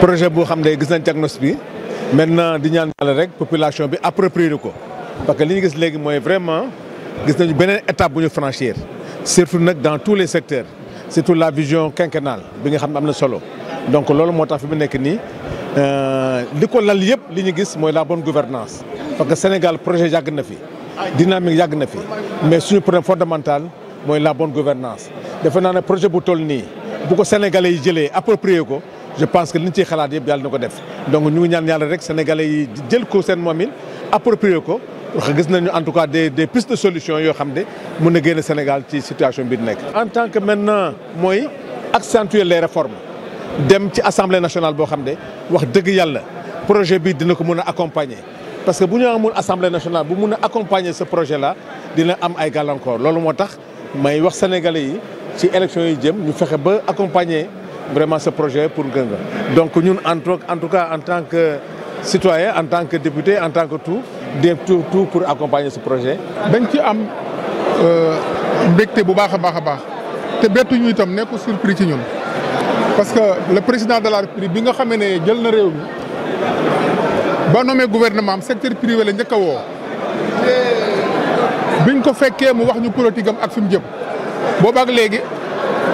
projet boo xam day gis nañ diagnostic bi maintenant di ñaan yàlla rek population bi approprié ko parce que li ñu gis légui moy vraiment gis nañu benen étape bu ñu franchir surtout nak dans tous les secteurs surtout la vision quinquennale bi nga xam amna solo donc lolu motax fi mu nekk ni euh liko lal yëpp li ñu gis moy la bonne gouvernance parce que Sénégal projet yag na fi dynamique yag na fi mais suñu problème fondamental la bonne gouvernance defe na projet bu toll ni bu ko Sénégalais yi jëlee approprié ko je pense que li ñu ciy xalaat yëpp yàlla na def donc ñu ngi ñaan yàlla rek sénégalais yi jël ko seen moomin approprié ko wax gis nañu en tout cas des des pistes de solution yoo xam ne mën a Sénégal ci situation bi nekk. en tant que maintenant moi, accentuer les réformes dem ci assemblée nationale boo xam wax dëgg projet bi dina ko accompagner parce que bu ñu amoon assemblée nationale bu mën accompagner ce projet là dina am ay gàllankoor loolu moo tax may wax sénégalais yi ci élection yi jëm ñu fexe ba accompagner vraiment ce projet pour Guinguin. Donc nous, en tout cas, en tant que citoyens, en tant que députés, en tant que tout, tout, tout pour accompagner ce projet. Nous ci am euh, mbégte bu baax a baax a bettu ñu itam surpris parce que le président de la république bi nga xamee ne jël na gouvernement le secteur privé la njëkk a biñ ko fekkee mu wax ñu politique am ak fi jëm bo légui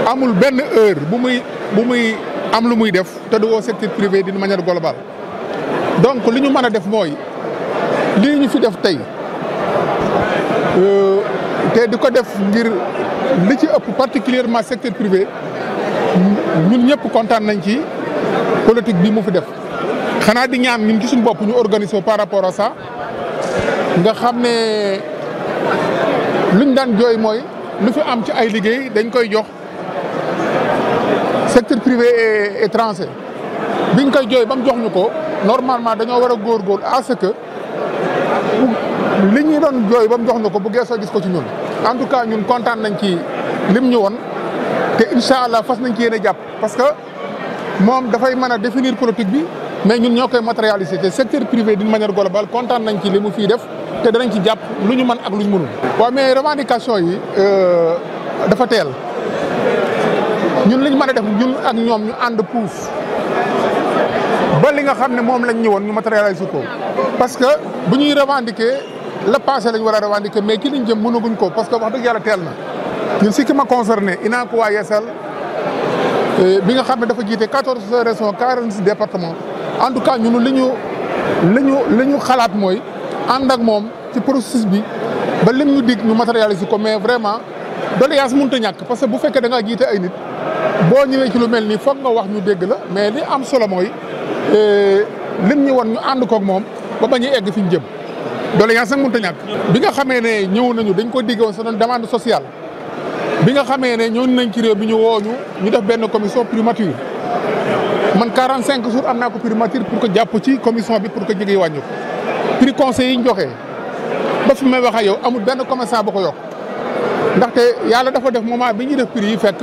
amul benn heure bu muy bu muy am lu muy def te du woo secteur privé d'une manière globale donc li ñu def moy lii ñu fi def tay euh té diko def ngir li ci ëpp particulièrement secteur privé ñun ñëpp contane nañ ci politique bi mu fi def xana di ñaan ñun ci suñu bop ñu organiser par rapport à ça nga xamné luñ dan joy moy lu fi am ci ay liggéey dañ koy jox secteur privé et bi biñ koy jooy ba mu jox ñu ko normalement dañoo war a góor à ce que li ñu doon jooy ba mu jox ñu ko bu geesoo gis ko ci ñun. en tout cas ñun kontaan nañ ci lim ñu woon te insha allah fas nañ ci yéen a jàpp parce que moom dafay mën a définir politique bi mais ñun ñoo koy matérialiser te secteur privé d'une manière globale kontaan nañ ci li mu fii def te danañ ci jàpp lu ñu mën ak lu ñu mënul. waaw mais revendication yi euh, dafa teel. ñun liñ mën a def ñun ak ñoom ñu ànd puuf ba li nga xam ne moom lañ woon ñu matérialiser ko parce que bu ñuy revendiquer le passé lañ war a revendiquer mais ki liñ jëm mënaguñ ko parce que wax dëgg yàlla teel na. ñun si ki ma concerné inaa ko waa Yeesal euh, bi nga xam ne dafa jiite quatorze régions quarante six départements en tout cas ñun li ñu li ñu li ñu xalaat mooy ànd ak moom ci processus bi ba lim ñu dig ñu matérialiser ko mais vraiment doléance mënut a ñàkk parce fekkee da jiite ay nit. boo ñëwee ci lu mel nii foog nga wax ñu dégg la mais li am solo mooy eh, lim ñu won ñu ànd koog moom ba bañ a egg fi ñu jëm. doole yan sax mënut a ñàkk. bi nga xamee ne ñëw nañu dañ ko diggoon sa doon demande social bi nga xamee ne ñëw nañ ci réew bi ñu woo ñu ñu def benn commission primature man 45 jours am naa ko primature pour ko jàpp ci commission bi pour que jege wàññi ko prix conseil yi ñu joxe ba fi may wax ak yow amul benn commerçant bu ko yokk ndaxte yàlla bi ñuy def prix yi fekk.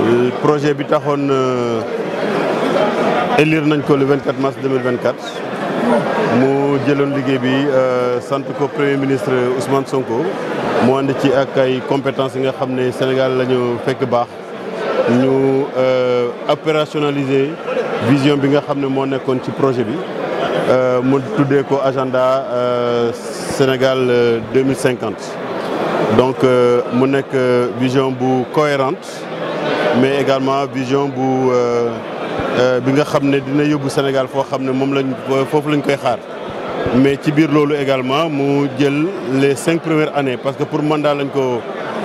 Le projet bi été euh, élire nañ le 24 mars 2024 mu jëlone liggéey bi le euh, premier ministre Ousmane Sonko nous avons ci ak ay compétences nga xamné Sénégal Nous fekk la ñu euh, opérationnaliser vision bi nga xamné mo ci projet bi mu tuddé ko agenda Sénégal 2050 donc mu nekk vision bu cohérente mais également vision pour euh, euh, bi nga dina Sénégal fo xam mom lañ fofu koy xaar mais ci lolo également, également mu jël les cinq premières années parce que pour mandat lañ ko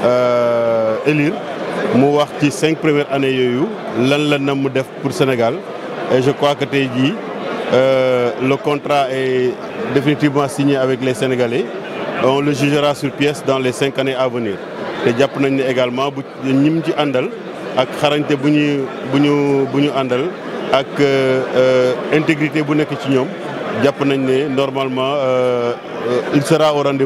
euh, élire mu wax ci cinq premières années yoyu lan la nam def pour Sénégal et je crois que euh, le contrat est définitivement signé avec les Sénégalais on le jugera sur pièce dans les cinq années à venir les japonais également bu ñim ci ak xarañte bu ñu bu ñu bu ñu àndal ak euh, euh, intégrité bu nekk ci ñoom jàpp nañ ne normalement euh, il sera au rendez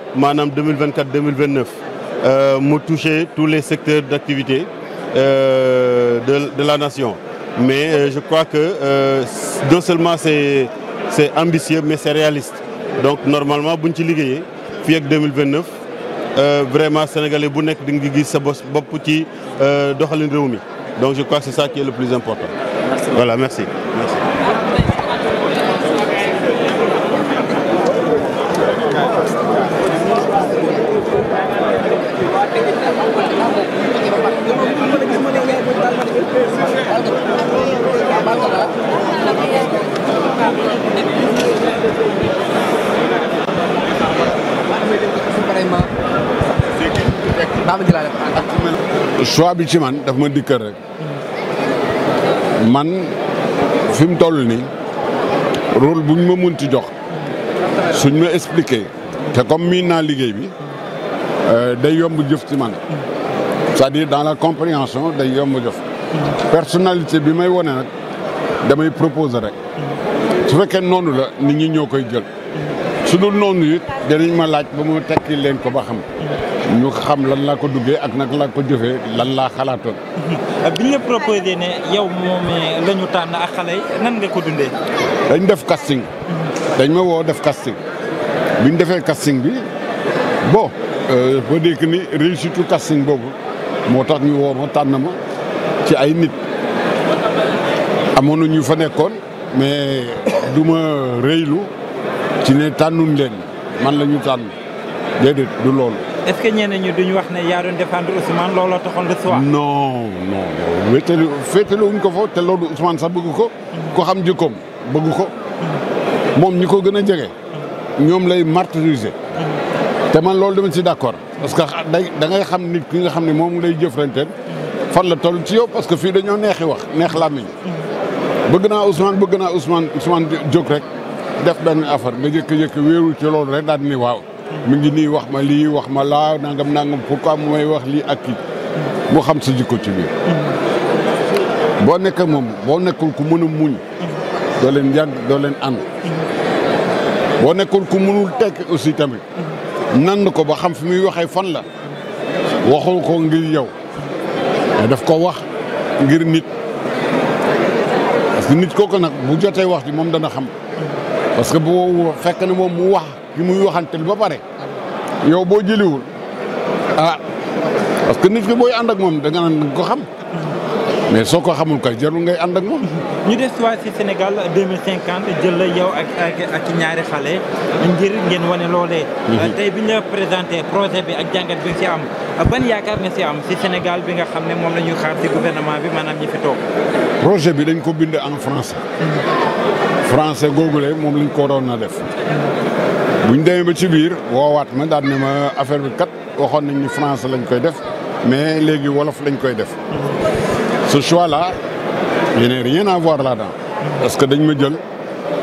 Manam 2024 2029 euh, touché toucher tous les secteurs d'activité euh, de, la nation. Mais euh, je crois que euh, non seulement c'est ambitieux mais c'est réaliste. Donc normalement si 2029 vraiment sénégalais bu nekk di nga donc je crois que c'est ça qui est le plus important. Voilà merci. choix bi ci man daf ma dikkal rek man fi mu toll nii rôle buñ ma munti jox suñ ma expliqué te comme miin naa liggéey bi euh, day yomb jëf ci man c'est-à-dire dans la compréhension day yomb jëf personnalité bi may wone nag damay proposer rek su fekkee noonu la nit ñi ñoo koy jël su dul noonu it danañ ma laaj ba mu tekki leen ko ba xam. ñu xam lan laa ko duggee ak nag laa ko jëfee lan laa xalaatoon. bi ñu la proposé ne yow moomee la ñu tànn ak xale yi nan nga ko dundee. dañ def casting. dañ ma woo def casting. bi ñu defee casting bi bon. ba euh, dégg ni réussite casting boobu moo tax ñu woo ma tànn ma ci ay nit. amoon na ñuy fa nekkoon mais du ma rëylu. ci ne tànnuñ leen man la ñu tànn déedéet du loolu. est ce que ñenn ñi duñu wax ne yaa doon défendre Ousmane looloo taxoon recevoir. non non wéetali féetali wuñ ko fa te loolu Ousmane sax bëgg ko. Mm-hmm. ko xam jikkoom bëgg ko. Mm-hmm. moom ñi ko gën a jege. Mm-hmm. ñoom lay martyriser. te man loolu dama ci d' accord parce que day da xam nit ki nga xam ne moom lay jëfranteel. fan la toll ci yow parce que fii dañoo neexi wax neex làmmiñ. bëgg naa Ousmane bëgg naa Ousmane Ousmane jóg rek. def ben affaire nga jékki-jékki wéeru ci lool rek dal ni waw mi ngi ni wax ma li wax ma la nangam nangam pourquoi mu may wax li ak ki mu xam sa jikko ci bi bo nek mom bo nekul ku mën muñ do len yàgg do len ànd bo nekul ku mënul tek aussi tamit nan ko ba xam fi muy waxe fan la waxul ko ngir yow daf ko wax ngir nit nit koko nak bu jotay wax di mom dana xam parce que bu fekk ne mom mu wax yi muy waxantel ba paré yow bo jëliwul ah parce que nit ki boy ànd ak moom da nga naan ko xam mais soko xamul ko jarul ngay ànd ak moom. ñu des wa ci Sénégal 2050 jël la yow ak ak ak ñaari xalé ngir ngeen wone lolé mhm. euh, tay bi ñu la présenté projet bi ak jàngat bi ci am ban yaakar nga ci am ci Sénégal bi nga xamné mom moom xaar ci gouvernement bi manam ñi fi tok projet bi dañ ko bind en français. Mhm français googule mom lañ ko doona def buñ démé ba ci biir woowaat ma daal ne ma affaire bi kat waxon nañ ni français lañ koy def mais légui wolof lañ koy def ce choix là je n'ai rien à voir là-dedans parce que dañ ma jël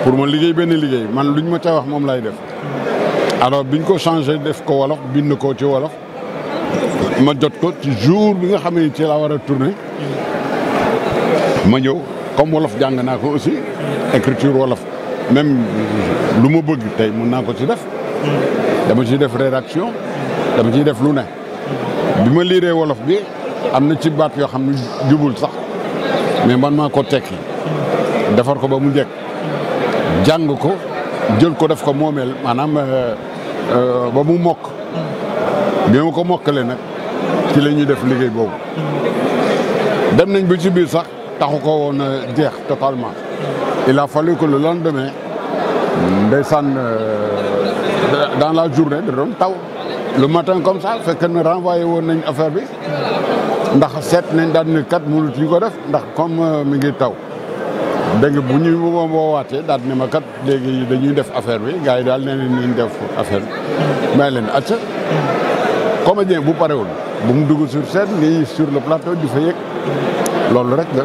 pour ma liggéey benn liggéey man luñ ma ci wax mom lay def alors biñ ko changer def ko wolof bind ko ci wolof ma jot ko ci jour bi nga xamé ci la wara tourner ma ñëw comme wolof jang na ko aussi écriture wolof même lu ma bëgg tey mën naa ko ci def dama ciy def rédaction dama ciy def lu ne bi ma liiree wolof bi am na ci baat yoo xam ne jubul sax mais man maa ko tekki defar ko ba mu njëkk jàng ko jël ko def ko moomeel maanaam euh, euh, ba mu mokk bi ma ko mokkale nag ci la ñuy def liggéey boobu dem nañ ba ci biir sax taxu ko woon a jeex totalement il a fallu que le lendemain descende euh, dans la journée de Rome. le matin comme ça on que renvoyé nous une affaire bi ndax a fait, comme on euh, ngi fait on nga bu de affaire bi gars affaire comédien vous parlez sur scène sur le plateau du feuillet. loolu rek la.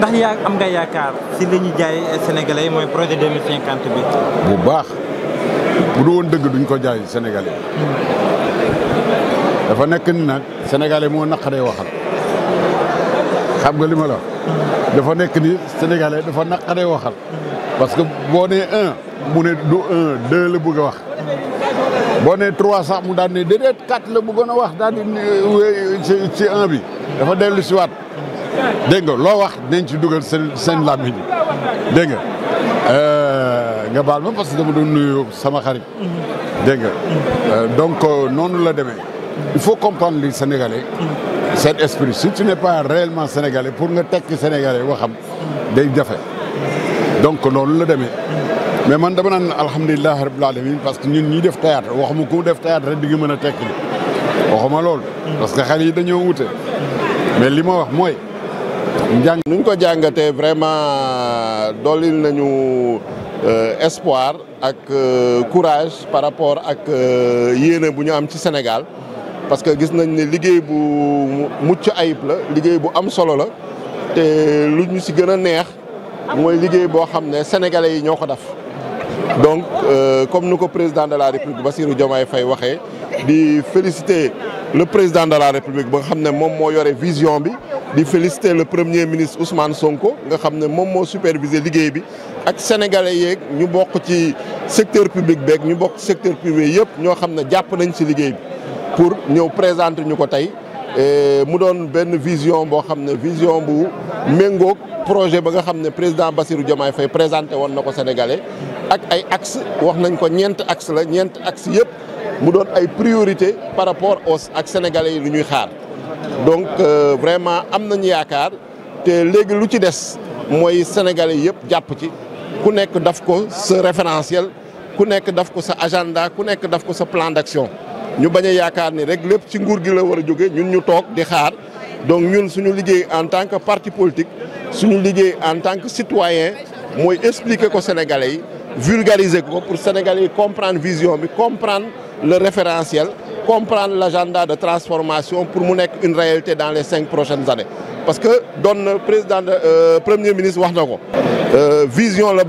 ndax ya am nga yakar ci li ñu jaay Sénégalais moy projet 2050 bi. bu baax bu du woon dëgg duñ ko jaay Sénégalais dafa nek ni nak Sénégalais moo naqaree waxal xam nga li la dafa nek ni Sénégalais dafa naqaree waxal parce que boo nee un mu ne du un deux la bëgg wax. boo nee sax mu daan ne déedéet 4 le bëgg a wax daal di euh, ci 1 bi dafa delu ci wat dengue lo wax dañ ci duggal sen lamine dengue euh nga bal ma parce que dama do nuyu sama xarit. dengue euh, donc euh, noonu la démé il faut comprendre les Sénégalais. cet esprit si tu n'es pas réellement sénégalais pour nga tek sénégalais waxam day jafé donc noonu la démé mais man dama naan alhamdulilah rabbil alamin parce que ñun ñi def théâtre waxuma ko def théâtre rek di nga mën a waxuma lool parce que xel dañu dañoo mais li ma wax moy nous avons vraiment euh, espoir et euh, courage par rapport à ce qui est am Sénégal parce que nous avons bu nous ayib la nous sénégalais donc euh, comme nous président de la république Bassirou féliciter le président de la république pour son vision di féliciter le premier ministre Ousmane Sonko nga a supervisé moom moo superviser liggéey bi ak sénégalais nous ñu bokk ci secteur public nous ñu bokk secteur privé nous avons xam ne pour nous présenter Nous côtés. une mu une vision une avons vision bu projet que le président Bassirou Diomaye Faye présenté présenter sénégalais ak ay axe wax nañ ko axe la axe priorité par rapport aux sénégalais donc euh, vraiment am nañu yaakaar te léegi lu ci des mooy sénégalais yëpp jàpp ci ku nekk daf ko sa référentiel ku nekk daf ko sa agenda ku nekk daf ko sa plan d'action ñu bañ yakar ni rek lépp ci nguur gi la wara joggé ñun ñu tok di xaar donc ñun suñu liggéey en tant que parti politique suñu liggéey en tant que citoyen moy expliquer ko sénégalais vulgariser ko pour sénégalais comprendre vision bi comprendre le référentiel comprendre l'agenda de transformation pour mon une réalité dans les cinq prochaines années parce que le président euh, premier ministre wax euh, vision la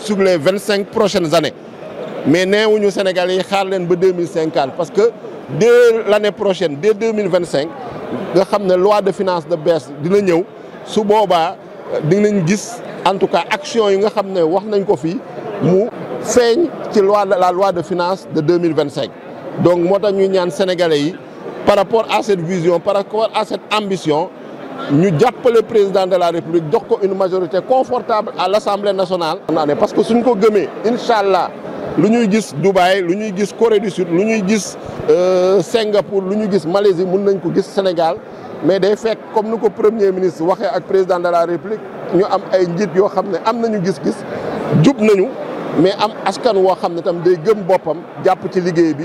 sur les 25 prochaines années mais nous Sénégal yi xaar 2050 parce que dès l'année prochaine dès 2025, nous avons la loi de finances de baisse dina ñëw en tout cas action nous avons loi la loi de finances de 2025 donc moi tax ñuy ñaan sénégalais yi par rapport à cette vision par rapport à cette ambition Nous ñu le président de la république Donc une majorité confortable à l'assemblée nationale. parce que suñ ko gëmee Inshallah, nous lu ñuy gis Dubaï lu ñuy gis Corée du Sud lu ñuy gis euh, Singapour lu ñuy gis Malaisie nous nañ ko gis Sénégal mais day fait, comme nous sommes premier ministre waxee ak président de la république ñu am ay njiit yoo xam nous am nañu gis-gis jub nañu mais am askan woo xam nous tam day gëm boppam jàpp ci liggéey bi.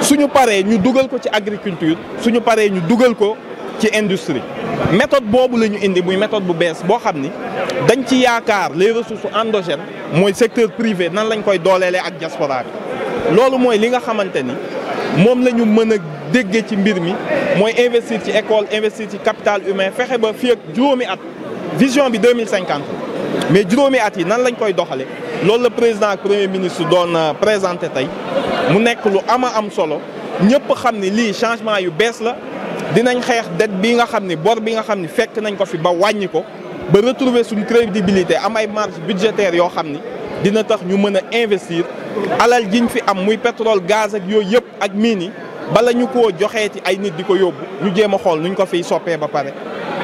suñu paree ñu dugal ko ci agriculture suñu paree ñu dugal ko ci industrie méthode boobu la ñu indi muy méthode bu bees boo xam ni dañ ci yaakaar les ressources endogènes mooy secteur privé nan lañ koy dooleelee ak diaspora bi loolu mooy li nga xamante ni moom la ñu mën a déggee ci mbir mi mooy investir ci école investir ci capital humain fexe ba fi ak juróomi at vision bi 2050 mais juróomi at yi nan lañ koy doxale loolu la président ak premier ministre doon euh, présenté tey mu nekk lu ama am solo ñëpp xam ni lii changement yu bees la dinañ xeex dette bi nga xam ni bor bi nga xam ni fekk nañ ko fi ba wàññi ko ba retrouver suñu crédibilité am ay marge budgétaire yoo xam ni dina tax ñu mën a investir alal ñu fi am muy pétrole gaz ak yooyu yëpp ak miin yi bala ñu koo joxeeti ay nit di ko yóbbu ñu jéem a xool nuñ ko fiy soppee ba pare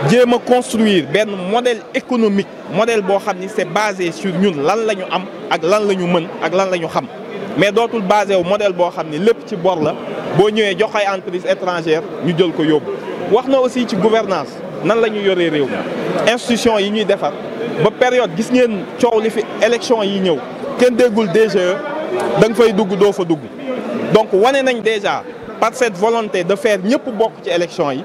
jéem a construire ben modèle économique modèle boo xam c'est basé sur ñun lan la ñu am ak lan la mën ak lan la xam mais dootul basé wu modèle boo xam ni lépp ci bor la boo ñëwee jox ay entreprise étrangère ñu jël ko yóbbu. wax aussi ci gouvernance nan la ñu yoree réew institution yi ñuy defar ba période gis ngeen coow li fi élection yi ñëw kenn déggul DGE da nga fay dugg doo fa dugg donc wane nañ déjà par cette volonté de faire ñëpp bokk ci élection yi.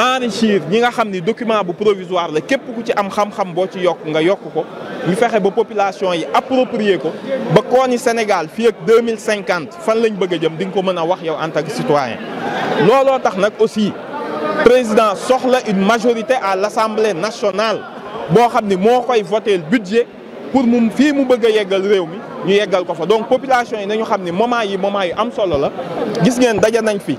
enrichir ñi nga xamni document bu provisoire la képp ku ci am xam-xam bo ci yok nga yok ko ñu fexé ba population yi approprier ko ba koo ni Sénégal fi ak 2050 fan lañ bëgg jëm di nga ko mëna wax yow en tant que citoyen looloo tax nak aussi président soxla une majorité à l'Assemblée nationale bo xamni mo koy voter budget pour mu fi mu bëgg a réew mi ñu yeggal ko fa donc population yi nañu xamni moment yi moment yi am solo la gis ngeen dajé nañ fi.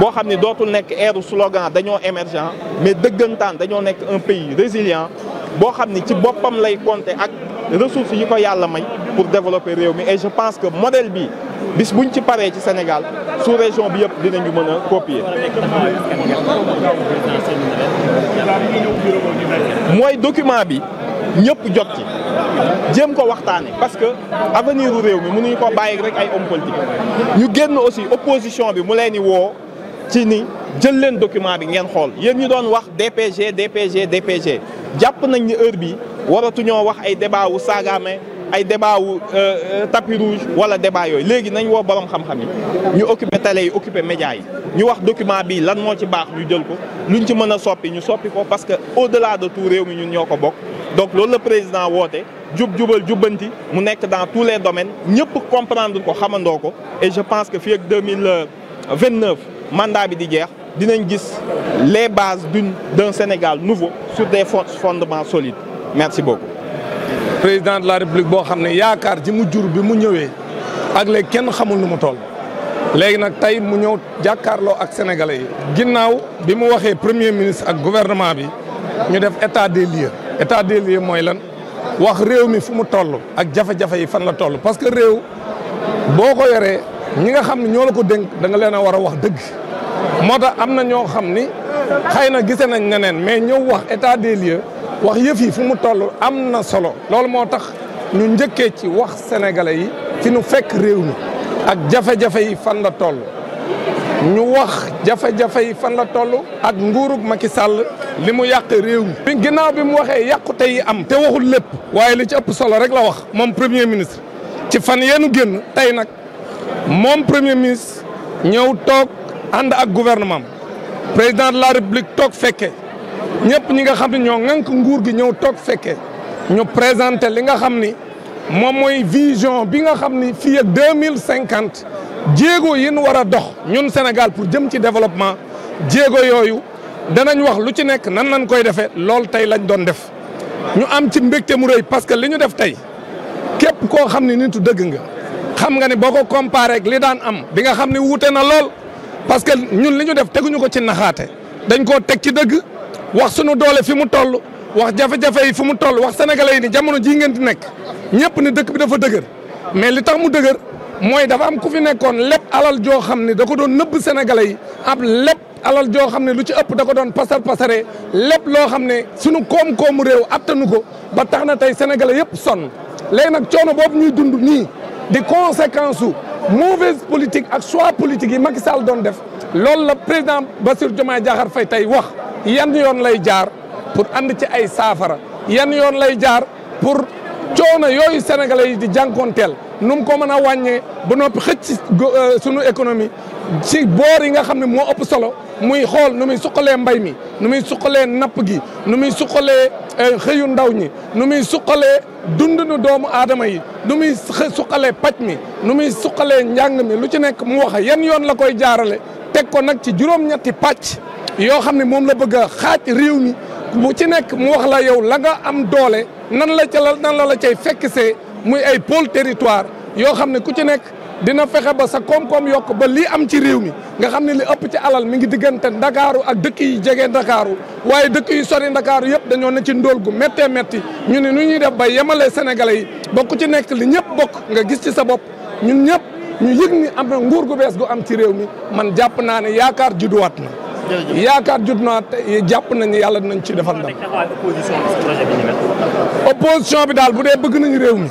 bo xamni dootul nek airu slogan dañoo émergent mais deugantane dañoo nek un pays résilient bo xamni ci bopam lay compter ak ressources yi ko yalla may pour développer réew mi et je pense que modèle bi bis buñ ci paré ci Sénégal sous région bi yépp dinañu mëna copier. moy document bi ñëpp jot ci jëm ko waxtaane parce que avenir u réew mi mënuñu ko bayé rek ay hommes politiques ñu génn aussi opposition bi mu leen wo ci ni jël leen document bi ngeen xol yéen ñu doon wax DPG DPG DPG japp nañ ni heure bi ñoo wax ay débat wu saagaame ay débat wu euh, euh, tapis rouge wala débat yoy léegi nañ wo borom xam-xam ni ñu occuper télé yi occuper média yi ñu wax document bi lan mo ci bax ñu jël ko luñ ci mëna soppi ñu soppi ko parce que au delà de tout réew mi ñun ñoko bok donc loolu le président woté jub jubal jubbanti mu nekk dans tous les domaines ñepp comprendre ko xamandoko et je pense que fii ak 2029 mandat bi di jeex dinañ gis les bases d'un Sénégal nouveau sur des fondements solides merci beaucoup. président de la république bo xamné yaakar yaakaar ji mu jur bi mu ñëwé ak lé kenn xamul nu mu toll légui nak tay mu ñëw jàkkaarloo ak sénégalais ginnaw bi mu waxé premier ministre ak gouvernement bi ñu def état des lieux état des lieux moy lan wax réew mi fu mu toll ak jafé jafé yi fan la toll parce que réew boko yoré ñi nga xamni ñoo la ko denk da nga leena wara wax deug mota amna na ñoo xam ni xëy nañ neneen mais ñëw wax état des lieux wax yef yi fu mu toll amna solo loolu motax ñu ñëkke ci wax sénégalais yi ci ñu fekk réew mi ak jafé jafé yi fan la toll ñu wax jafé jafé yi fan la toll ak nguuruk Macky Sall limu yaq réew mi bi mu yaq tay am te waxul lepp waye li ci ëpp solo rek la wax mom premier ministre ci fan yeenu genn tay nak moom premier ministre ñëw toog ànd ak gouvernement président de la république toog fekke ñëpp ñi nga xam ne ñoo ŋànk nguur gi ñëw toog fekke ñu présenté li nga xam ni moom mooy vision bi nga xam ni fii ak mille cinquante jéego yi ñu war a dox ñun Sénégal pour jëm ci développement jéego yooyu danañ wax lu ci nekk nan lañ koy defee loolu tey lañ doon def ñu am ci mbégte mu rëy parce que li ñu def tey képp koo xam ne nitu dëgg nga. xam nga ne boo ko comparé ak li daan am bi nga xam ne wuute na lool parce que ñun li ñu def teguñu ko ci naxaate dañ koo teg ci dëgg wax sunu doole fi mu toll wax jafe-jafe yi fi mu toll wax sénégalais yi ni jamono jii ngeen di nekk ñëpp ni dëkk bi dafa dëgër mais li tax mu dëggër mooy dafa am ku fi nekkoon lépp alal joo xam ne da ko doon nëbb sénégalais yi ab lépp alal joo xam ne lu ci ëpp da ko doon pasar pasaree lépp loo xam ne sunu koom-koomu réew attanu ko ba tax na tey sénégalais yëpp sonn léegi nag coono boobu ñuy dund nii di conséquence su mauvaise politique ak choix politique yi Macky Sall doon def loolu la président Bassirou Diomaye Diakhar Faye tey wax yan yoon lay jaar pour ànd ci ay saafara yan yoon lay jaar pour coona yooyu sénégalais yi di jànkoonteel nu ko mën a wàññee ba noppi xëcc euh, sunu économie ci boor yi nga xam ne moo ëpp solo muy xool nu muy suqalee mbay mi nu muy suqalee napp gi nu muy suqalee eh, xëyu ndaw ñi nu muy suqalee dundinu doomu aadama yi nu muy suqalee paj mi nu muy suqalee njàng mi lu ci nekk mu wax yan yoon la koy jaarale teg ko nag ci juróom-ñetti pàcc yoo xam ne moom la bëgg a xaaj réew mi bu ci nekk mu wax la yow la nga am doole nan la ca la nan la la cay fekk see muy ay pôle territoire yoo xam ne ku ci nekk dina fexe ba sa koom-koom yokk ba lii am ci réew mi nga xam ne li ëpp ci alal mi ngi diggante ndakaaru ak dëkk yi jege ndakaaru waaye dëkk yi sori ndakaaru yëpp dañoo na ci ndóol gu méttee métti ñu ne nu ñuy def ba yemalee sénégalais yi bokk ci nekk li ñëpp bokk nga gis ci sa bopp ñun ñëpp ñu yëg ni am na nguur gu bees gu am ci réew mi man jàpp naa ne yaakaar judduwaat na yaakaar jud naa jàpp nañu yàlla dinañ ci defal ndam opposition bi daal bu dee bëgg nañu réew mi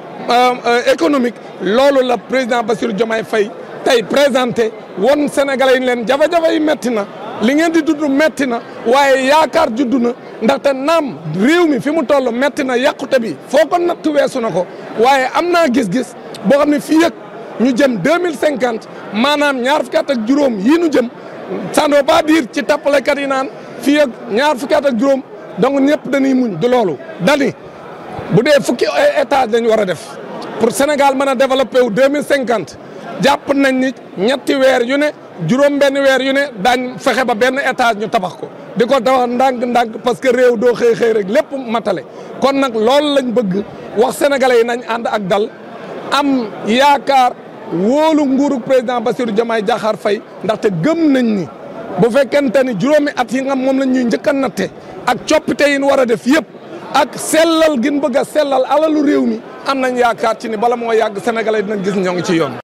Euh, euh, économique loolu la président Bassirou Diomaye fay tey présenté won sénégal yi leen jafe-jafe yi métti na li ngeen di dund métti na waaye yaakaar juddu na ndaxte naam réew mi fi mu toll métti na yàqute bi foo ko natt weesu na ko waaye am naa gis-gis boo xam ne fii ak ñu jëm deux mille cinquante maanaam ñaar fukki at ak juróom yii ñu jëm ça ne veut pas dire ci tappalekat yi naan fii ñaar fukki at ak juróom donc ñëpp dañuy muñ du loolu dani budé fukki e, état lañ wara def pour Sénégal mëna développer développé wu deux mille nañ ni ñetti wër yu né juroom benn wër yu né dañ fexé ba benn état ñu tabax ko di ko tabax ndànk parce que réew do xey xey rek lépp matalé kon nag lool lañ bëgg wax sénégalais nañ and ak dal am yaakar wolu nguru président Bassirou Diomaye fay ndax ndaxte gëm nañ ni bu fekkente ni juróomi at yi nga mom lañ ñuy njëkk naté ak coppite yi ñu def yépp ak sellal gin bëgg a sellal alalu réew mi am nañ yaakaar ci ni bala moo yàgg sénégalais dinañ gis ñoo ngi ci yoon